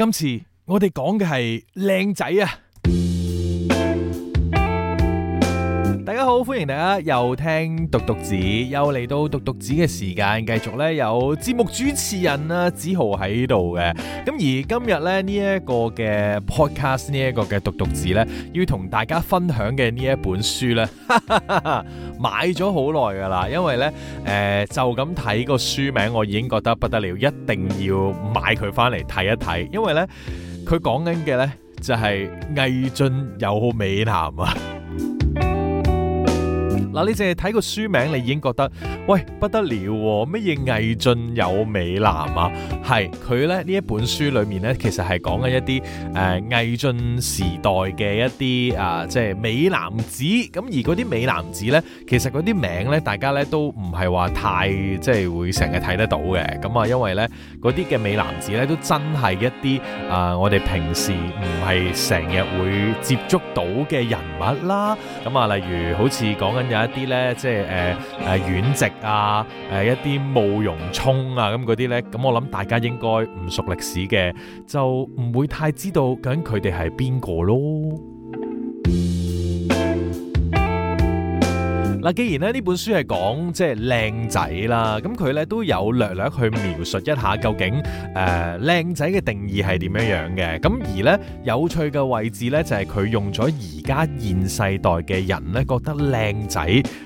今次我哋講嘅係靚仔啊！大家好，歡迎大家又聽獨讀子」。又嚟到獨讀子」嘅時間，繼續咧有節目主持人啊梓豪喺度嘅。咁而今日咧呢一個嘅 podcast 呢一個嘅獨讀子」咧，要同大家分享嘅呢一本書咧，買咗好耐㗎喇，因為咧誒、呃、就咁睇個書名，我已經覺得不得了，一定要買佢返嚟睇一睇，因為咧佢講緊嘅咧就係魏晉有美男啊。嗱，你淨係睇個書名，你已經覺得喂，不得了喎、啊！乜嘢魏晉有美男啊？係佢咧呢一本書裏面咧，其實係講緊一啲誒、呃、魏晉時代嘅一啲啊、呃，即係美男子。咁而嗰啲美男子咧，其實嗰啲名咧，大家咧都唔係話太即係會成日睇得到嘅。咁啊，因為咧嗰啲嘅美男子咧，都真係一啲啊、呃，我哋平時唔係成日會接觸到嘅人物啦。咁啊，例如好似講緊一啲呢，即係誒誒阮籍啊，誒、呃、一啲慕容沖啊，咁嗰啲呢。咁我諗大家應該唔熟歷史嘅，就唔會太知道究竟佢哋係邊個咯。嗱、啊，既然咧呢本書係講，即係靚仔啦，咁佢咧都有略略去描述一下究竟誒靚仔嘅定義係點樣樣嘅。咁而咧有趣嘅位置咧就係佢用咗而家現世代嘅人咧覺得靚仔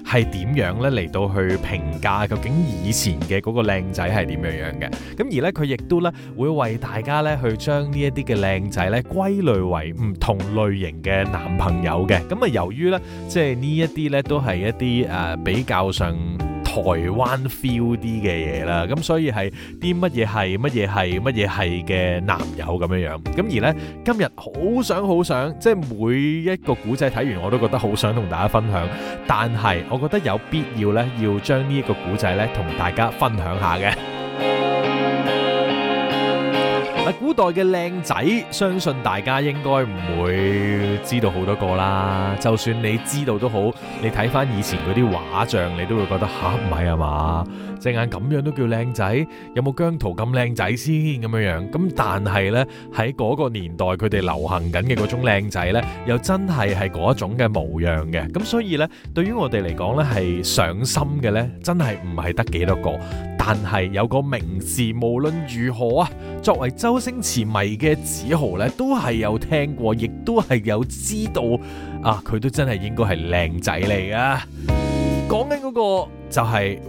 係點樣咧嚟，到去評價究竟以前嘅個靚仔係點樣樣嘅。咁而咧佢亦都咧會為大家咧去將呢一啲嘅靚仔咧歸類為唔同類型嘅男朋友嘅。咁啊由於咧即係呢一啲咧都係一啲。啲誒比較上台灣 feel 啲嘅嘢啦，咁所以係啲乜嘢係乜嘢係乜嘢係嘅男友咁樣樣，咁而呢，今日好想好想，即係每一個古仔睇完我都覺得好想同大家分享，但係我覺得有必要呢，要將呢一個古仔呢同大家分享下嘅。古代嘅靚仔，相信大家應該唔會知道好多個啦。就算你知道都好，你睇翻以前嗰啲畫像，你都會覺得嚇，唔係啊嘛？隻眼咁樣都叫靚仔？有冇姜濤咁靚仔先咁樣樣？咁但係呢，喺嗰個年代，佢哋流行緊嘅嗰種靚仔呢，又真係係嗰一種嘅模樣嘅。咁所以呢，對於我哋嚟講呢，係上心嘅呢，真係唔係得幾多個。但係有個名字，無論如何啊，作為周星馳迷嘅梓豪咧，都係有聽過，亦都係有知道啊，佢都真係應該係靚仔嚟嘅。講緊嗰個就係、是、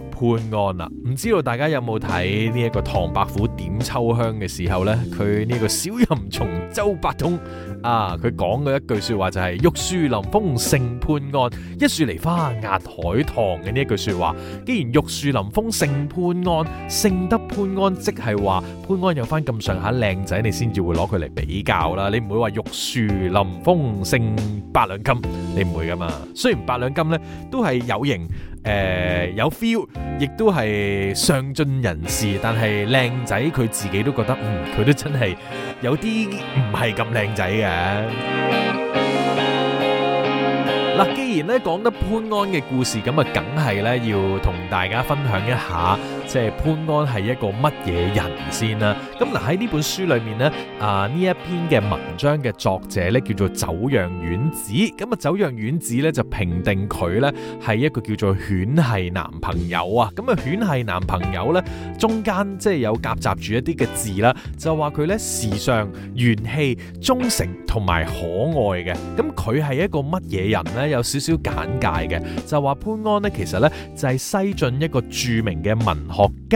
潘安啦，唔知道大家有冇睇呢一個《唐伯虎點秋香》嘅時候呢，佢呢個小淫蟲周伯通。啊！佢講嗰一句説話就係、是、玉樹臨風勝潘安，一樹梨花壓海棠嘅呢一句説話。既然玉樹臨風勝潘安，勝得潘安即係話潘安有翻咁上下靚仔，你先至會攞佢嚟比較啦。你唔會話玉樹臨風勝八兩金，你唔會噶嘛。雖然八兩金呢都係有型。誒、呃、有 feel，亦都係上進人士，但係靚仔佢自己都覺得，嗯，佢都真係有啲唔係咁靚仔嘅。嗱， 既然咧講得潘安嘅故事，咁啊，梗係咧要同大家分享一下，即係。潘安係一個乜嘢人先啦、啊？咁嗱喺呢本書裏面呢，啊呢一篇嘅文章嘅作者呢，叫做酒釀丸子。咁啊酒釀丸子呢，就評定佢呢，係一個叫做犬系男朋友啊！咁啊犬系男朋友呢，中間即係有夾雜住一啲嘅字啦，就話佢呢，時尚、元氣、忠誠同埋可愛嘅。咁佢係一個乜嘢人呢？有少少簡介嘅，就話潘安呢，其實呢，就係、是、西晉一個著名嘅文學。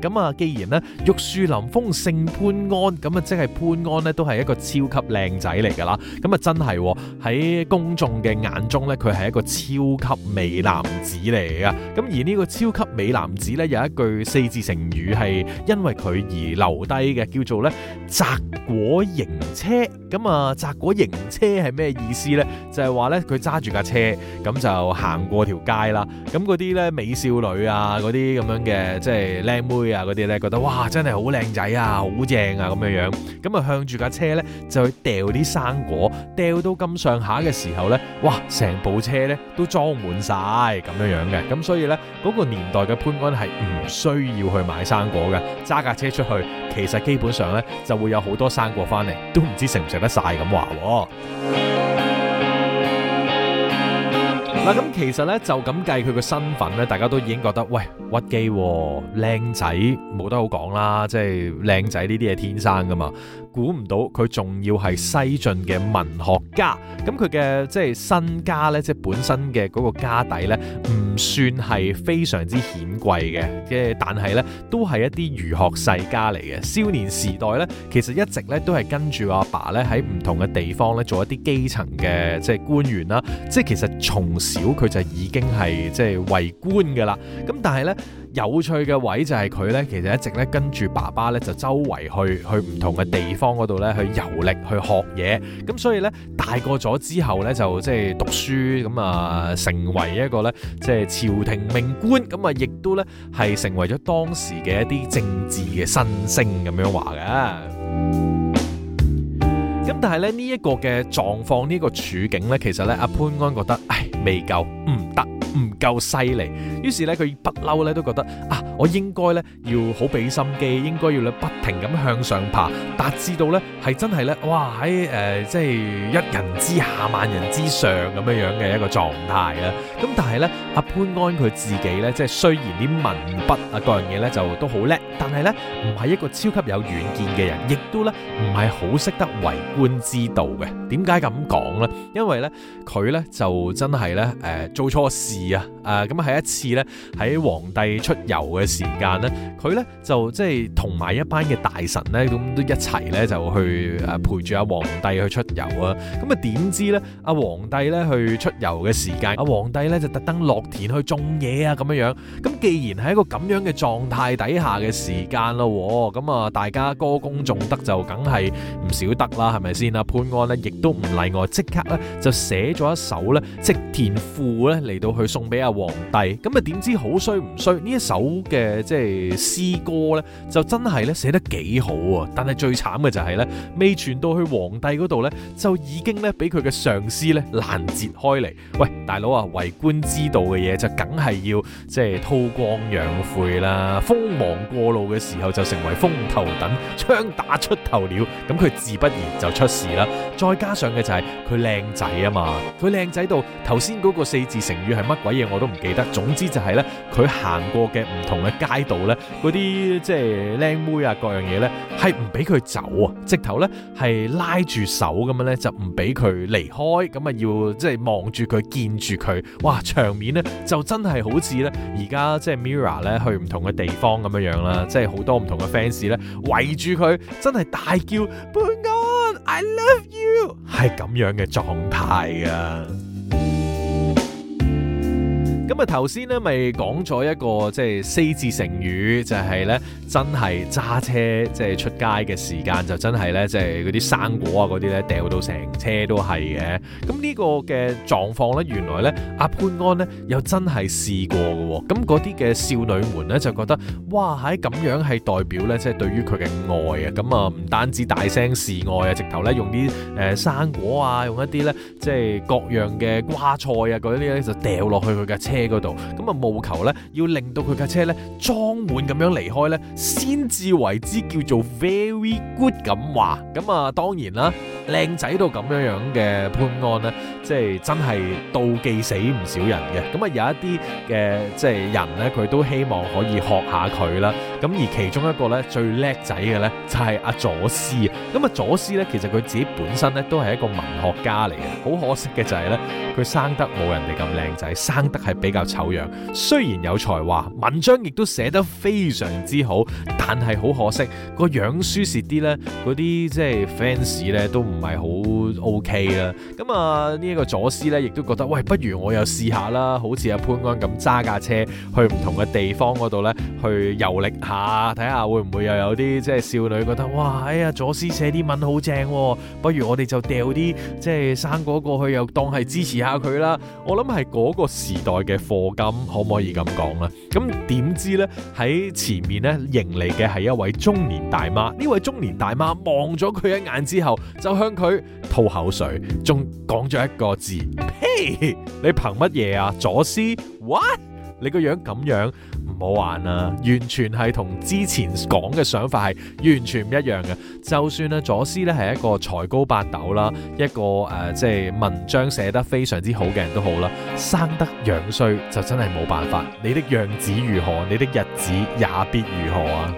咁啊，既然咧玉樹臨風勝潘安，咁啊即係潘安咧都係一個超級靚仔嚟噶啦。咁啊真係喺公眾嘅眼中咧，佢係一個超級美男子嚟噶。咁而呢個超級美男子咧有一句四字成語係因為佢而留低嘅，叫做咧摘果迎車。咁啊摘果迎車係咩意思咧？就係話咧佢揸住架車咁就行過條街啦。咁啲咧美少女啊啲咁樣嘅即係靚妹。啊！嗰啲咧覺得哇，真係好靚仔啊，好正啊咁樣樣，咁啊向住架車呢，就去掉啲生果，掉到咁上下嘅時候呢，哇！成部車呢都裝滿晒。咁樣樣嘅，咁所以呢，嗰、嗰個年代嘅潘安係唔需要去買生果嘅，揸架車出去，其實基本上呢，就會有好多生果翻嚟，都唔知食唔食得晒。咁話喎。嗱，咁其實咧就咁計佢個身份咧，大家都已經覺得喂，屈機，啊，靚仔冇得好講啦，即係靚仔呢啲係天生噶嘛。估唔到佢仲要係西晉嘅文學家，咁佢嘅即係身家呢，即係本身嘅嗰個家底呢，唔算係非常之顯貴嘅，即但係呢，都係一啲儒學世家嚟嘅。少年時代呢，其實一直呢都係跟住阿爸呢喺唔同嘅地方呢做一啲基層嘅即係官員啦，即係其實從小佢就已經係即係為官嘅啦。咁但係呢。有趣嘅位就係佢呢，其實一直咧跟住爸爸呢，就周圍去去唔同嘅地方嗰度呢，去遊歷去學嘢，咁所以呢，大個咗之後呢，就即係讀書，咁啊成為一個呢，即係朝廷命官，咁啊亦都呢，係成為咗當時嘅一啲政治嘅新星咁樣話嘅。咁但係呢，呢一個嘅狀況，呢個處境呢，其實呢，阿潘安覺得唉未夠唔得。唔夠犀利，於是咧佢不嬲咧都覺得啊，我應該咧要好俾心機，應該要咧不停咁向上爬，達至到咧係真係咧哇喺誒即係一人之下萬人之上咁樣樣嘅一個狀態啊。咁但係咧阿潘安佢自己咧即係雖然啲文筆啊各樣嘢咧就都好叻，但係咧唔係一個超級有遠見嘅人，亦都咧唔係好識得為官之道嘅。點解咁講咧？因為咧佢咧就真係咧誒做錯事。啊，咁啊，喺一次咧，喺皇帝出遊嘅時間咧，佢咧就即係同埋一班嘅大臣咧，咁都一齊咧就去誒陪住阿皇帝去出遊啊。咁、嗯、啊，點知咧，阿皇帝咧去出遊嘅時間，阿皇帝咧就特登落田去種嘢啊，咁樣樣。咁既然係一個咁樣嘅狀態底下嘅時間咯，咁、呃、啊，大家歌功頌德就梗係唔少得啦，係咪先啊？潘安呢亦都唔例外，即刻咧就寫咗一首咧《植田賦》咧嚟到去。送俾阿皇帝咁啊，點知好衰唔衰，呢一首嘅即係詩歌呢，就真係咧寫得幾好啊！但係最慘嘅就係咧呢，未傳到去皇帝嗰度呢，就已經咧俾佢嘅上司咧攔截開嚟。喂，大佬啊，為官之道嘅嘢就梗係要即係韜光養晦啦。鋒芒過露嘅時候就成為風頭躉，槍打出頭鳥。咁佢自不然就出事啦。再加上嘅就係佢靚仔啊嘛，佢靚仔到頭先嗰個四字成語係乜？鬼嘢我都唔記得，總之就係咧，佢行過嘅唔同嘅街道咧，嗰啲即係靚妹啊，各樣嘢咧，係唔俾佢走啊，直頭咧係拉住手咁樣咧，就唔俾佢離開，咁啊要即係望住佢見住佢，哇！場面咧就真係好似咧而家即係 Mira 咧去唔同嘅地方咁樣樣啦，即係好多唔同嘅 fans 咧圍住佢，真係大叫潘安 I love you，係咁樣嘅狀態啊！咁啊，頭先咧咪講咗一個即係四字成語，就係咧真係揸車即係出街嘅時間就真係咧即係嗰啲生果啊嗰啲咧掉到成車都係嘅。咁呢個嘅狀況咧，原來咧阿潘安咧又真係試過嘅。咁嗰啲嘅少女們咧就覺得哇，喺咁樣係代表咧即係對於佢嘅愛啊。咁啊，唔單止大聲示愛啊，直頭咧用啲誒生果啊，用一啲咧即係各樣嘅瓜菜啊嗰啲咧就掉落去佢嘅車嘅度，咁啊，務求咧要令到佢架車咧裝滿咁樣離開咧，先至為之叫做 very good 咁話。咁啊，當然啦，靚仔到咁樣樣嘅潘安咧，即係真係妒忌死唔少人嘅。咁啊，有一啲嘅即係人咧，佢都希望可以學下佢啦。咁而其中一個咧最叻仔嘅咧就係阿左思。咁啊，左思咧其實佢自己本身咧都係一個文學家嚟嘅。好可惜嘅就係咧，佢生得冇人哋咁靚仔，生得係。比較醜樣，雖然有才華，文章亦都寫得非常之好，但係好可惜個樣輸蝕啲呢，嗰啲即係 fans 咧都唔係好 ok 啦。咁、嗯、啊呢一、呢個左思呢，亦都覺得喂，不如我又試下啦，好似阿、啊、潘安咁揸架車去唔同嘅地方嗰度呢，去遊歷下，睇下會唔會又有啲即係少女覺得哇，哎呀左思寫啲文好正喎，不如我哋就掉啲即係生果過去，又當係支持下佢啦。我諗係嗰個時代，嘅課金可唔可以咁講咧？咁點知呢？喺前面呢，迎嚟嘅係一位中年大媽。呢位中年大媽望咗佢一眼之後，就向佢吐口水，仲講咗一個字：呸！你憑乜嘢啊？左思 what？你個樣咁樣唔好玩啦，完全係同之前講嘅想法係完全唔一樣嘅。就算咧，左思咧，係一個才高八斗啦，一個誒即係文章寫得非常之好嘅人都好啦，生得樣衰就真係冇辦法。你的樣子如何，你的日子也必如何啊！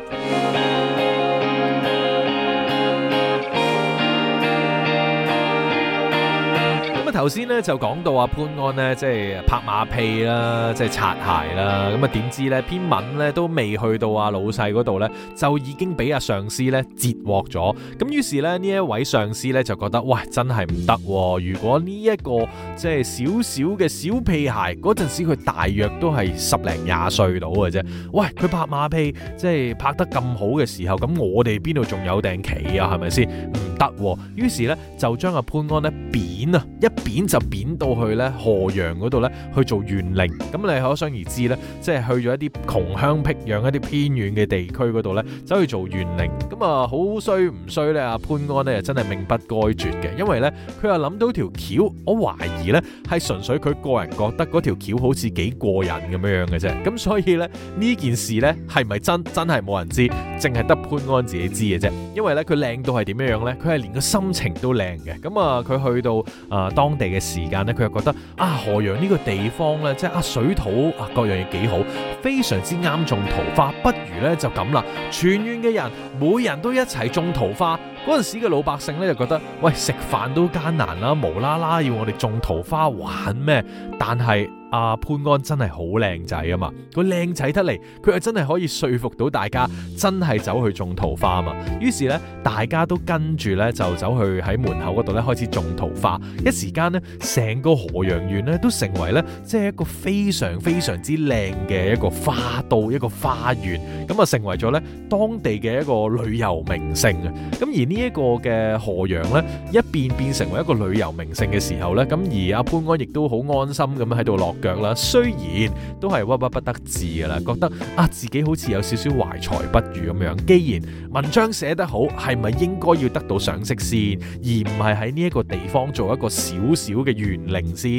頭先咧就講到阿潘安咧，即係拍馬屁啦，即係擦鞋啦。咁啊，點知咧篇文咧都未去到啊老細嗰度咧，就已經俾阿上司咧截獲咗。咁於是咧呢一位上司咧就覺得，喂，真係唔得。如果呢一個即係少少嘅小屁孩，嗰陣時佢大約都係十零廿歲到嘅啫。喂，佢拍馬屁即係拍得咁好嘅時候，咁我哋邊度仲有訂期啊？係咪先？達於是咧就將阿、啊、潘安咧貶啊，一貶就貶到去咧河陽嗰度咧去做縣令。咁你可想而知咧，即係去咗一啲窮鄉僻壤、一啲偏遠嘅地區嗰度咧，走去做縣令。咁啊，好衰唔衰咧？阿潘安咧真係命不該絕嘅，因為咧佢又諗到條橋。我懷疑咧係純粹佢個人覺得嗰條橋好似幾過癮咁樣樣嘅啫。咁所以咧呢件事咧係唔係真真係冇人知，淨係得潘安自己知嘅啫。因為咧佢靚到係點樣呢樣咧？係連個心情都靚嘅，咁啊佢去到啊、呃、當地嘅時間呢，佢又覺得啊河陽呢個地方呢，即係啊水土啊各樣嘢幾好，非常之啱種桃花，不如呢，就咁啦，全院嘅人每人都一齊種桃花。嗰陣時嘅老百姓咧就覺得，喂，食飯都艱難啦，無啦啦要我哋種桃花玩咩？但係阿、啊、潘安真係好靚仔啊嘛，個靚仔得嚟，佢係真係可以説服到大家真係走去種桃花嘛。於是咧，大家都跟住咧就走去喺門口嗰度咧開始種桃花，一時間呢，成個河陽縣咧都成為咧即係一個非常非常之靚嘅一個花都一個花園，咁啊成為咗咧當地嘅一個旅遊名勝啊。咁而呢一個嘅河陽，呢一變變成為一個旅遊名勝嘅時候呢，咁而阿潘安亦都好安心咁喺度落腳啦。雖然都係屈屈不，不得志噶啦，覺得啊自己好似有少少懷才不遇咁樣。既然文章寫得好，係咪應該要得到賞識先，而唔係喺呢一個地方做一個小小嘅縣令先？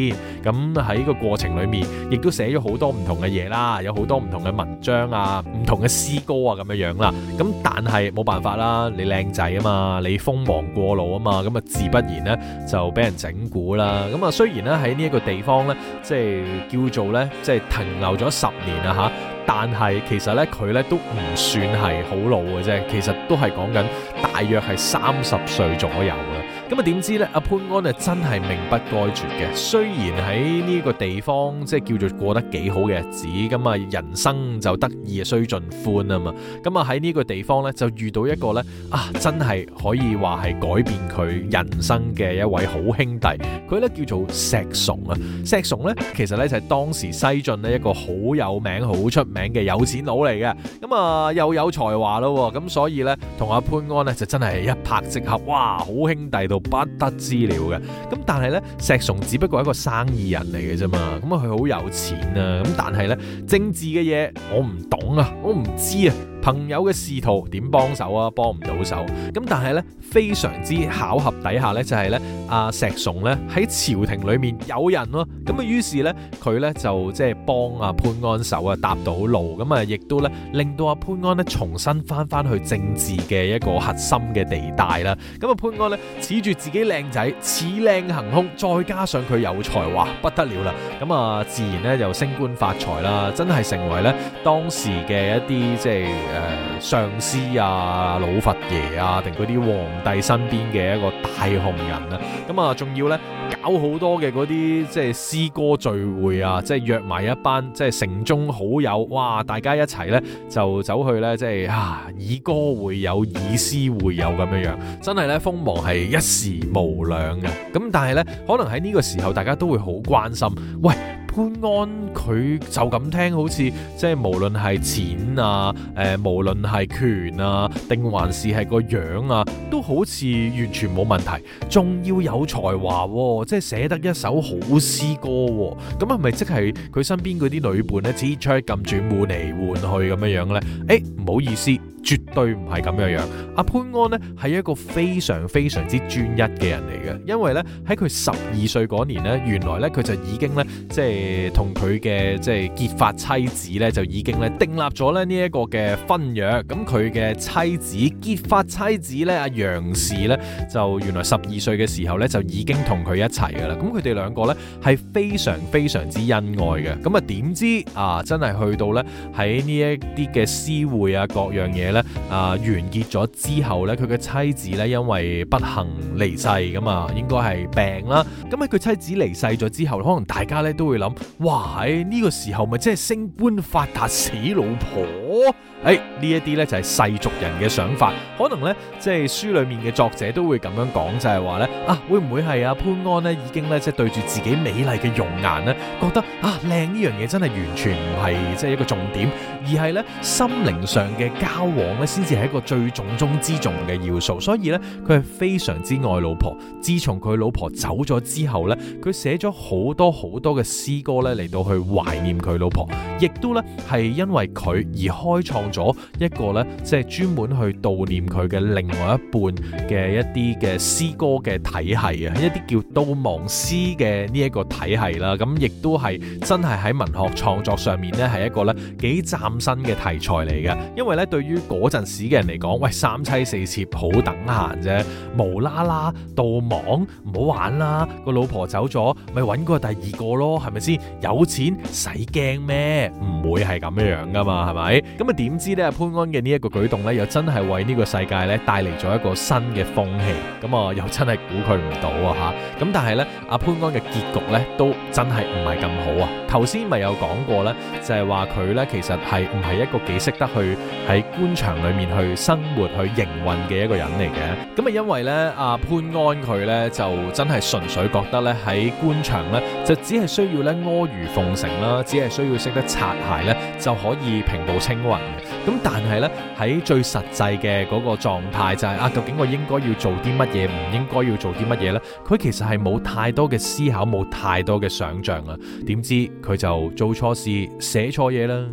咁喺個過程裏面，亦都寫咗好多唔同嘅嘢啦，有好多唔同嘅文章啊，唔同嘅詩歌啊咁樣樣啦。咁但係冇辦法啦，你靚仔啊嘛～啊！你鋒芒過露啊嘛，咁啊自不然呢，就俾人整蠱啦。咁啊雖然呢，喺呢一個地方呢，即係叫做呢，即係停留咗十年啊嚇，但係其實呢，佢呢都唔算係好老嘅啫，其實都係講緊大約係三十歲左右啦。咁啊，點知咧？阿潘安啊，真係命不該絕嘅。雖然喺呢個地方即係叫做過得幾好嘅日子，咁啊，人生就得意啊須盡歡啊嘛。咁啊，喺呢個地方咧，就遇到一個咧啊，真係可以話係改變佢人生嘅一位好兄弟。佢咧叫做石崇啊。石崇咧，其實咧就係當時西晉呢一個好有名、好出名嘅有錢佬嚟嘅。咁啊，又有才華咯。咁所以咧，同阿潘安咧就真係一拍即合，哇，好兄弟到！不得知了嘅，咁但係咧，石崇只不過係一個生意人嚟嘅啫嘛，咁啊，佢好有錢啊，咁但係咧，政治嘅嘢我唔懂啊，我唔知啊。朋友嘅仕途點幫手啊？幫唔到手。咁但係呢，非常之巧合底下呢，就、啊、係呢阿石崇呢喺朝廷裏面有人咯。咁啊，於是呢，佢呢就即係幫阿、啊、潘安手啊，搭到路。咁啊，亦都呢令到阿、啊、潘安呢重新返返去政治嘅一個核心嘅地帶啦。咁、嗯、啊，潘安呢恃住自己靚仔，恃靚行兇，再加上佢有才華，不得了啦！咁、嗯、啊，自然呢就升官發財啦，真係成為呢當時嘅一啲即係。誒、呃，上司啊、老佛爺啊，定嗰啲皇帝身邊嘅一個大紅人啊，咁啊，仲要呢搞好多嘅嗰啲即係詩歌聚會啊，即係約埋一班即係城中好友，哇，大家一齊呢，就走去呢，即係啊，以歌會友，以詩會友咁樣樣，真係呢，鋒芒係一時無兩嘅。咁但係呢，可能喺呢個時候，大家都會好關心，喂。潘安佢就咁聽，好似即係無論係錢啊，誒、呃，無論係權啊，定還是係個樣啊，都好似完全冇問題，仲要有才華、哦，即係寫得一首好詩歌、哦。咁係咪即係佢身邊嗰啲女伴咧，千轉咁轉換嚟換去咁樣樣咧？誒、欸，唔好意思，絕對唔係咁樣樣。阿、啊、潘安呢，係一個非常非常之專一嘅人嚟嘅，因為呢，喺佢十二歲嗰年呢，原來呢，佢就已經呢。即係。誒，同佢嘅即係結髮妻子咧，就已經咧訂立咗咧呢一個嘅婚約。咁佢嘅妻子結髮妻子咧，阿楊氏咧，就原來十二歲嘅時候咧就已經同佢一齊噶啦。咁佢哋兩個咧係非常非常之恩愛嘅。咁啊，點知啊，真係去到咧喺呢一啲嘅私會啊，各樣嘢咧啊完結咗之後咧，佢嘅妻子咧因為不幸離世，咁啊應該係病啦。咁喺佢妻子離世咗之後，可能大家咧都會諗。哇！呢、這個時候，咪真係升官發達死老婆。哎，呢一啲呢就係世俗人嘅想法，可能呢，即係書裏面嘅作者都會咁樣講，就係話呢啊，會唔會係啊？潘安呢已經呢，即係對住自己美麗嘅容顏呢，覺得啊靚呢樣嘢真係完全唔係即係一個重點，而係呢，心靈上嘅交往呢，先至係一個最重中之重嘅要素。所以呢，佢係非常之愛老婆，自從佢老婆走咗之後呢，佢寫咗好多好多嘅詩歌呢，嚟到去懷念佢老婆，亦都呢，係因為佢而開創，咗一個咧，即係專門去悼念佢嘅另外一半嘅一啲嘅詩歌嘅體系啊，一啲叫悼亡詩嘅呢一個體系啦。咁亦都係真係喺文學創作上面咧，係一個咧幾嶄新嘅題材嚟嘅。因為咧，對於嗰陣時嘅人嚟講，喂，三妻四妾好等閒啫，無啦啦悼亡唔好玩啦，個老婆走咗，咪揾過第二個咯，係咪先？有錢使驚咩？唔會係咁樣噶嘛，係咪？咁啊點。知咧、啊、潘安嘅呢一個舉動咧，又真係為呢個世界咧帶嚟咗一個新嘅風氣，咁啊又真係估佢唔到啊嚇！咁、啊、但係咧阿潘安嘅結局咧，都真係唔係咁好啊！頭先咪有講過咧，就係話佢咧其實係唔係一個幾識得去喺官場裡面去生活去營運嘅一個人嚟嘅。咁啊因為咧阿、啊、潘安佢咧就真係純粹覺得咧喺官場咧就只係需要咧阿諛奉承啦，只係需要識得擦鞋咧就可以平步青雲。咁但係咧喺最實際嘅嗰個狀態就係啊，究竟我應該要做啲乜嘢，唔應該要做啲乜嘢咧？佢其實係冇太多嘅思考，冇太多嘅想像啦。點知佢就做錯事，寫錯嘢啦。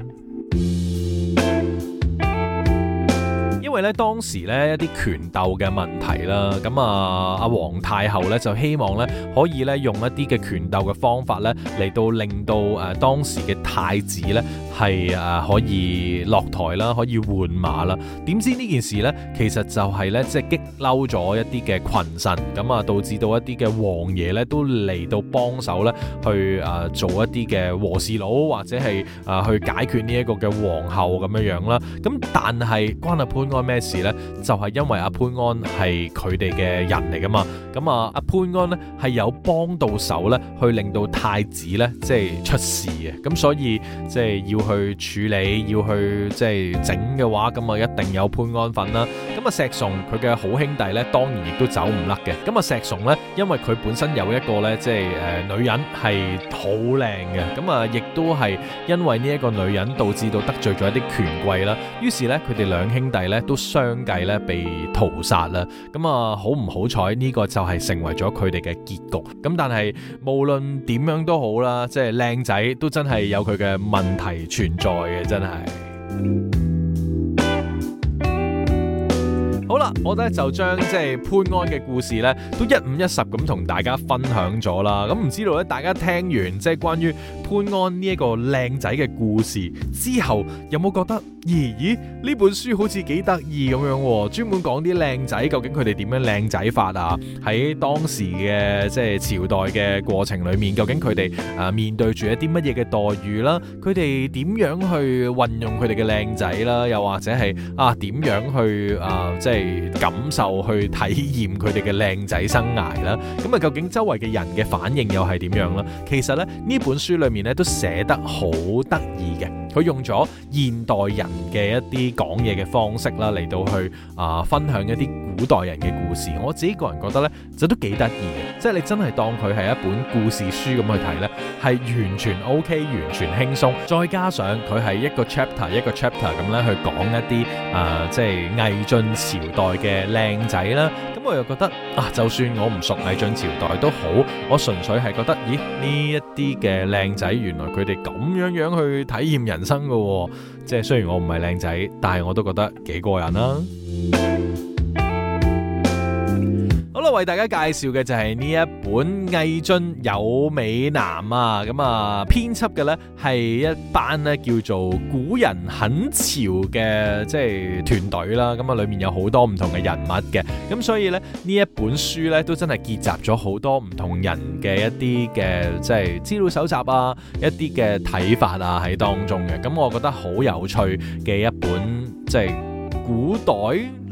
因為咧當時咧一啲權鬥嘅問題啦，咁啊阿皇太后咧就希望咧可以咧用一啲嘅權鬥嘅方法咧嚟到令到誒當時嘅太子咧係誒可以落台啦，可以換馬啦。點知呢件事咧其實就係咧即係激嬲咗一啲嘅群臣，咁啊導致到一啲嘅王爺咧都嚟到幫手咧去誒做一啲嘅和事佬，或者係誒去解決呢一個嘅皇后咁樣樣啦。咁但係關立判案。咩事呢？就係、是、因為阿、啊、潘安係佢哋嘅人嚟噶嘛，咁啊阿潘安呢係有幫到手呢，去令到太子呢，即係出事嘅，咁所以即係要去處理，要去即係整嘅話，咁啊一定有潘安份啦。咁啊石崇，佢嘅好兄弟呢，當然亦都走唔甩嘅。咁啊石崇呢，因為佢本身有一個呢，即係誒、呃、女人係好靚嘅，咁啊亦都係因為呢一個女人導致到得罪咗一啲權貴啦。於是呢，佢哋兩兄弟呢，都相繼咧被屠殺啦，咁啊好唔好彩呢個就係成為咗佢哋嘅結局。咁但係無論點樣都好啦，即係靚仔都真係有佢嘅問題存在嘅，真係。好啦，我咧就將即係潘安嘅故事呢都一五一十咁同大家分享咗啦。咁唔知道咧，大家聽完即係關於潘安呢一個靚仔嘅故事之後，有冇覺得咦、咦？呢本書好似幾得意咁樣，專門講啲靚仔，究竟佢哋點樣靚仔法啊？喺當時嘅即係朝代嘅過程裏面，究竟佢哋啊面對住一啲乜嘢嘅待遇啦？佢哋點樣去運用佢哋嘅靚仔啦？又或者係啊，點樣去啊，即係？感受去體驗佢哋嘅靚仔生涯啦，咁啊究竟周圍嘅人嘅反應又係點樣啦？其實咧呢本書裏面咧都寫得好得意嘅，佢用咗現代人嘅一啲講嘢嘅方式啦，嚟到去啊、呃、分享一啲。古代人嘅故事，我自己個人覺得呢，就都幾得意嘅，即係你真係當佢係一本故事書咁去睇呢，係完全 OK，完全輕鬆。再加上佢係一個 chapter 一個 chapter 咁咧去講一啲誒、呃，即係魏晉朝代嘅靚仔啦。咁我又覺得啊，就算我唔熟魏晉朝代都好，我純粹係覺得，咦呢一啲嘅靚仔，原來佢哋咁樣樣去體驗人生噶、啊，即係雖然我唔係靚仔，但係我都覺得幾過癮啦。為大家介紹嘅就係呢一本《魏晉有美男》啊，咁啊，編輯嘅呢係一班呢叫做古人很潮嘅即係團隊啦，咁啊，裏面有好多唔同嘅人物嘅，咁所以呢，呢一本書呢都真係結集咗好多唔同人嘅一啲嘅即係資料搜集啊，一啲嘅睇法啊喺當中嘅，咁我覺得好有趣嘅一本即係。就是古代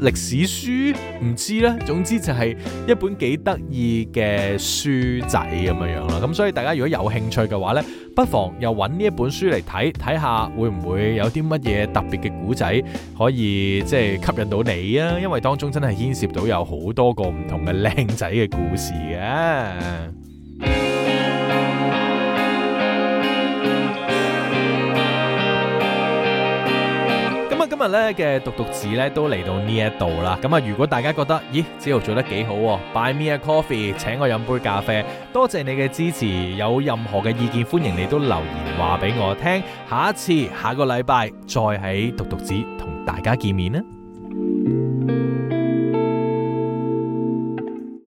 歷史書唔知咧，總之就係一本幾得意嘅書仔咁樣樣啦。咁所以大家如果有興趣嘅話咧，不妨又揾呢一本書嚟睇睇下，看看會唔會有啲乜嘢特別嘅古仔可以即係吸引到你啊？因為當中真係牽涉到有好多個唔同嘅靚仔嘅故事嘅。今日咧嘅獨讀子咧都嚟到呢一度啦，咁啊，如果大家覺得咦，梓豪做得幾好喎 ，buy me a coffee，請我飲杯咖啡，多謝你嘅支持，有任何嘅意見，歡迎你都留言話俾我聽，下一次下個禮拜再喺獨讀子同大家見面啦。